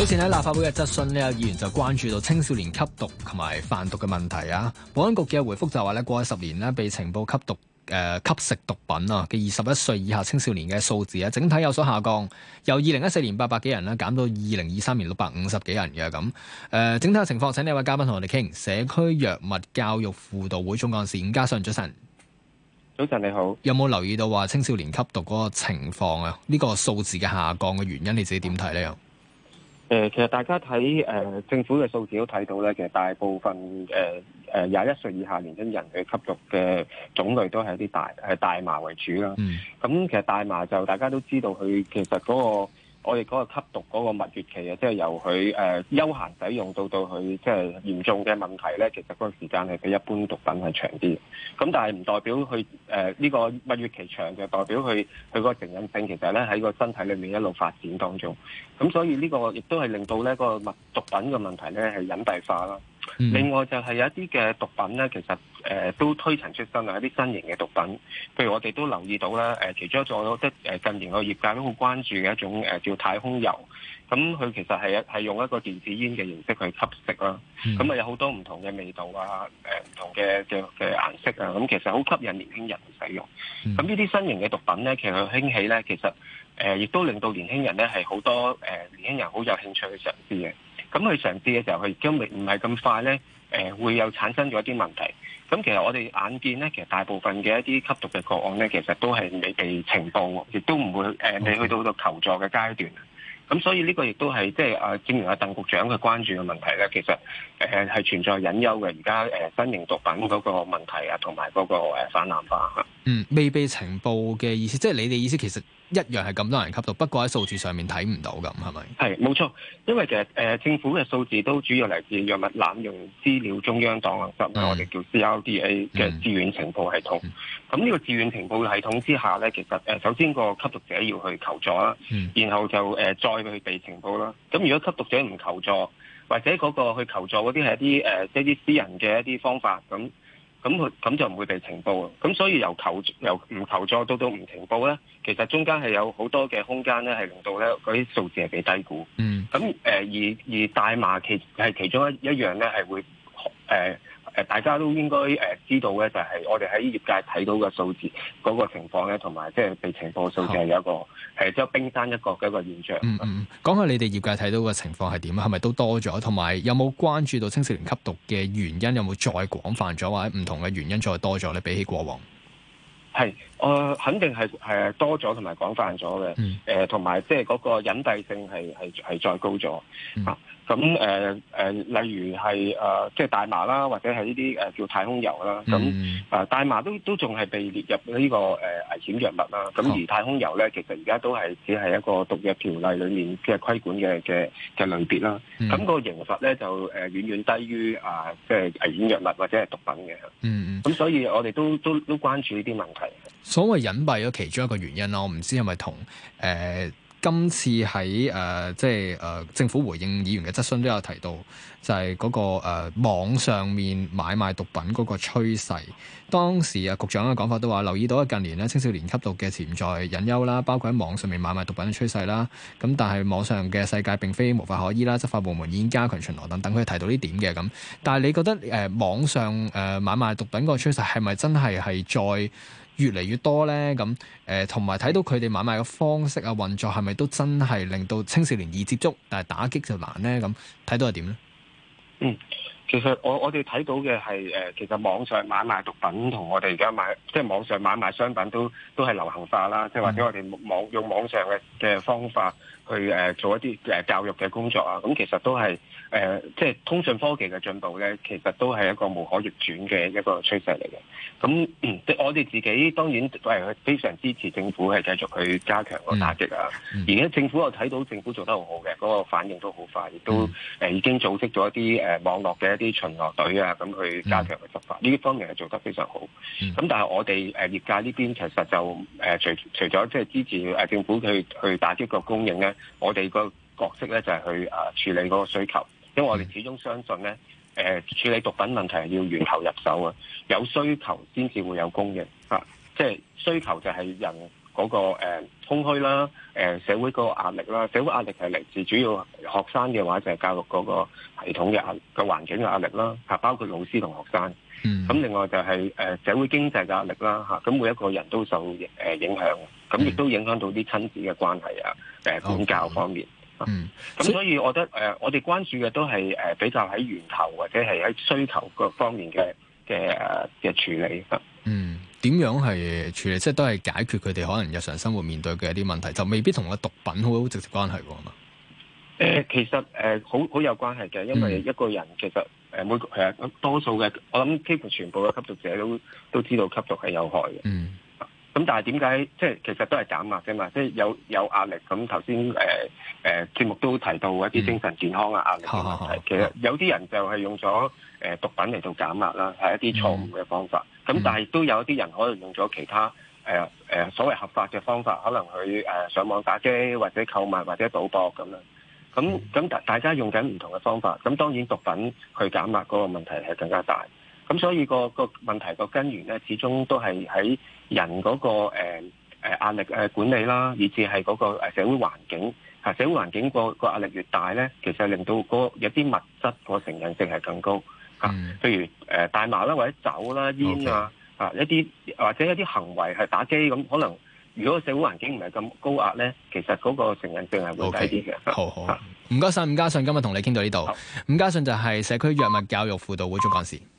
早前喺立法會嘅質詢，呢有議員就關注到青少年吸毒同埋販毒嘅問題啊。保安局嘅回覆就話、是、咧，過去十年呢，被情報吸毒誒、呃、吸食毒品啊嘅二十一歲以下青少年嘅數字啊，整體有所下降，由二零一四年八百幾人咧減到二零二三年六百五十幾人嘅咁誒。整體嘅情況，請呢位嘉賓同我哋傾社區藥物教育輔導會總幹事伍家順早晨，早晨你好，有冇留意到話青少年吸毒嗰、這個情況啊？呢個數字嘅下降嘅原因，你自己點睇呢？誒、呃，其實大家睇誒、呃、政府嘅數字都睇到咧，其實大部分誒誒廿一歲以下年輕人嘅吸毒嘅種類都係一啲大大麻為主啦。咁、mm. 嗯、其實大麻就大家都知道，佢其實嗰、那個。我哋嗰個吸毒嗰個蜜月期啊，即係由佢誒悠閒使用到到佢即係嚴重嘅問題咧，其實嗰個時間係比一般毒品係長啲。咁但係唔代表佢誒呢個蜜月期長嘅，就代表佢佢個成癮性其實咧喺個身體裏面一路發展當中。咁所以呢個亦都係令到咧個物毒品嘅問題咧係隱蔽化啦。另外就係有一啲嘅毒品咧，其實誒、呃、都推陳出新。有一啲新型嘅毒品。譬如我哋都留意到咧、呃，其中得一種即近年個業界都好關注嘅一種叫太空油。咁佢其實係係用一個電子煙嘅形式去吸食啦。咁、嗯、啊有好多唔同嘅味道啊，唔、呃、同嘅嘅嘅顏色啊。咁其實好吸引年輕人使用。咁呢啲新型嘅毒品咧，其實佢興起咧，其實誒亦、呃、都令到年輕人咧係好多誒、呃、年輕人好有興趣去嘗試嘅。咁佢嘗試嘅時候，佢亦都未唔係咁快咧，誒會有產生咗一啲問題。咁其實我哋眼見咧，其實大部分嘅一啲吸毒嘅個案咧，其實都係未被呈報，亦都唔會誒未去到到求助嘅階段。咁所以呢個亦都係即係啊，正如阿鄧局長嘅關注嘅問題咧，其實誒係存在隱憂嘅。而家誒新型毒品嗰個問題啊，同埋嗰個誒泛濫化嗯，未被呈報嘅意思，即係你哋意思其實。一樣係咁多人吸毒，不過喺數字上面睇唔到咁，係咪？係，冇錯，因為其實誒政府嘅數字都主要嚟自藥物濫用資料中央檔案室，嗯、我哋叫 CRDA 嘅自願呈報系統。咁、嗯、呢、嗯、個自願呈報系統之下咧，其實首先個吸毒者要去求助啦、嗯，然後就誒再去被呈報啦。咁如果吸毒者唔求助，或者嗰個去求助嗰啲係一啲誒即係啲私人嘅一啲方法咁佢咁就唔會被呈報啊！咁所以由求由唔求助都到唔呈報咧，其實中間係有好多嘅空間咧，係令到咧嗰啲數字係幾低估。嗯，咁誒、呃、而而大麻其係其中一一樣咧，係會誒。呃大家都應該誒知道咧，就係、是、我哋喺業界睇到嘅數字嗰、那個情況咧，同埋即係被呈報嘅數字係有一個誒即係冰山一角嘅一個現象。嗯嗯嗯，講下你哋業界睇到嘅情況係點啊？係咪都多咗？同埋有冇關注到青少年吸毒嘅原因有冇再廣泛咗，或者唔同嘅原因再多咗咧？你比起過往，係我、呃、肯定係係多咗同埋廣泛咗嘅。誒、嗯，同埋即係嗰個隱蔽性係係係再高咗、嗯、啊！咁誒誒，例如係誒，即、呃、係、即係、大麻啦，或者係呢啲誒叫太空油啦。咁、嗯、啊，大麻都都仲係被列入呢個誒危險藥物啦。咁、哦、而太空油咧，其實而家都係只係一個毒藥條例裡面嘅規管嘅嘅嘅類別啦。咁、嗯、那個刑罰咧就誒遠遠低於啊，即係危險藥物或者係毒品嘅。嗯嗯。咁所以我哋，我哋都都都關注呢啲問題。所謂隱蔽咗其中一個原因咯，我唔知係咪同誒。呃今次喺誒、呃、即係誒、呃、政府回應議員嘅質詢都有提到，就係、是、嗰、那個誒、呃、網上面買賣毒品嗰個趨勢。當時啊局長嘅講法都話留意到近年咧青少年吸毒嘅潛在隱憂啦，包括喺網上面買賣毒品嘅趨勢啦。咁但係網上嘅世界並非無法可依啦，執法部門已經加強巡邏等等。佢提到呢點嘅咁，但係你覺得誒、呃、網上誒、呃、買賣毒品個趨勢係咪真係係在？越嚟越多呢，咁誒同埋睇到佢哋買賣嘅方式啊、運作係咪都真係令到青少年易接觸，但係打擊就難呢？咁睇到係點呢？嗯。其實我我哋睇到嘅係、呃、其實網上買賣毒品同我哋而家買，即係網上買賣商品都都係流行化啦。即係或者我哋網用網上嘅嘅方法去誒、呃、做一啲誒、呃、教育嘅工作啊。咁、嗯、其實都係誒、呃，即係通訊科技嘅進步咧，其實都係一個無可逆轉嘅一個趨勢嚟嘅。咁、嗯嗯、我哋自己當然都係非常支持政府係繼續去加強個打擊啊。嗯嗯、而家政府又睇到政府做得好好嘅，嗰、那個反應都好快，亦都、嗯、已經組織咗一啲誒、呃、網絡嘅。啲巡邏隊啊，咁去加強去執法，呢、嗯、啲方面係做得非常好。咁、嗯、但係我哋誒業界呢邊，其實就誒、呃、除除咗即係支持誒政府去去打擊個供應咧，我哋個角色咧就係去誒、呃、處理嗰個需求，因為我哋始終相信咧誒、呃、處理毒品問題係要源頭入手啊，有需求先至會有供應啊，即、就、係、是、需求就係人。嗰個誒空虛啦，誒社會個壓力啦，社會壓力係嚟自主要學生嘅話就係教育嗰個系統嘅壓個環境嘅壓力啦，嚇包括老師同學生。嗯，咁另外就係誒社會經濟嘅壓力啦，嚇咁每一個人都受誒影響，咁亦都影響到啲親子嘅關係啊，誒、mm. 管教方面。嗯，咁所以我覺得誒我哋關注嘅都係誒比較喺源頭或者係喺需求各方面嘅嘅誒嘅處理。嗯、mm.。點樣係處理？即係都係解決佢哋可能日常生活面對嘅一啲問題，就未必同個毒品好好直接關係㗎嘛？誒，其實誒好好有關係嘅，因為一個人其實誒每誒多數嘅，我諗幾乎全部嘅吸毒者都都知道吸毒係有害嘅。嗯。咁但係點解？即係其實都係減壓啫嘛，即係有有壓力。咁頭先誒誒節目都提到一啲精神健康啊壓力嘅問題。嗯。其實有啲人就係用咗誒毒品嚟到減壓啦，係一啲錯誤嘅方法。嗯。咁、嗯、但係都有啲人可能用咗其他誒誒、呃呃、所謂合法嘅方法，可能去誒、呃、上網打機，或者購物，或者賭博咁啦。咁咁大大家用緊唔同嘅方法，咁當然毒品去減壓嗰個問題係更加大。咁所以、那個、那個問題個根源咧，始終都係喺人嗰、那個誒誒、呃、壓力誒管理啦，以至係嗰個社會環境嚇、啊、社會環境個個壓力越大咧，其實令到嗰、那個、有啲物質個成癮性係更高。譬、嗯、如誒大麻啦，或者酒啦、煙啊，啊一啲或者一啲行為係打機咁，可能如果社會環境唔係咁高壓咧，其實嗰個成癮性係會低啲嘅。Okay. 好好，唔該晒，伍家順今日同你傾到呢度。伍家順就係社區藥物教育輔導會總幹事。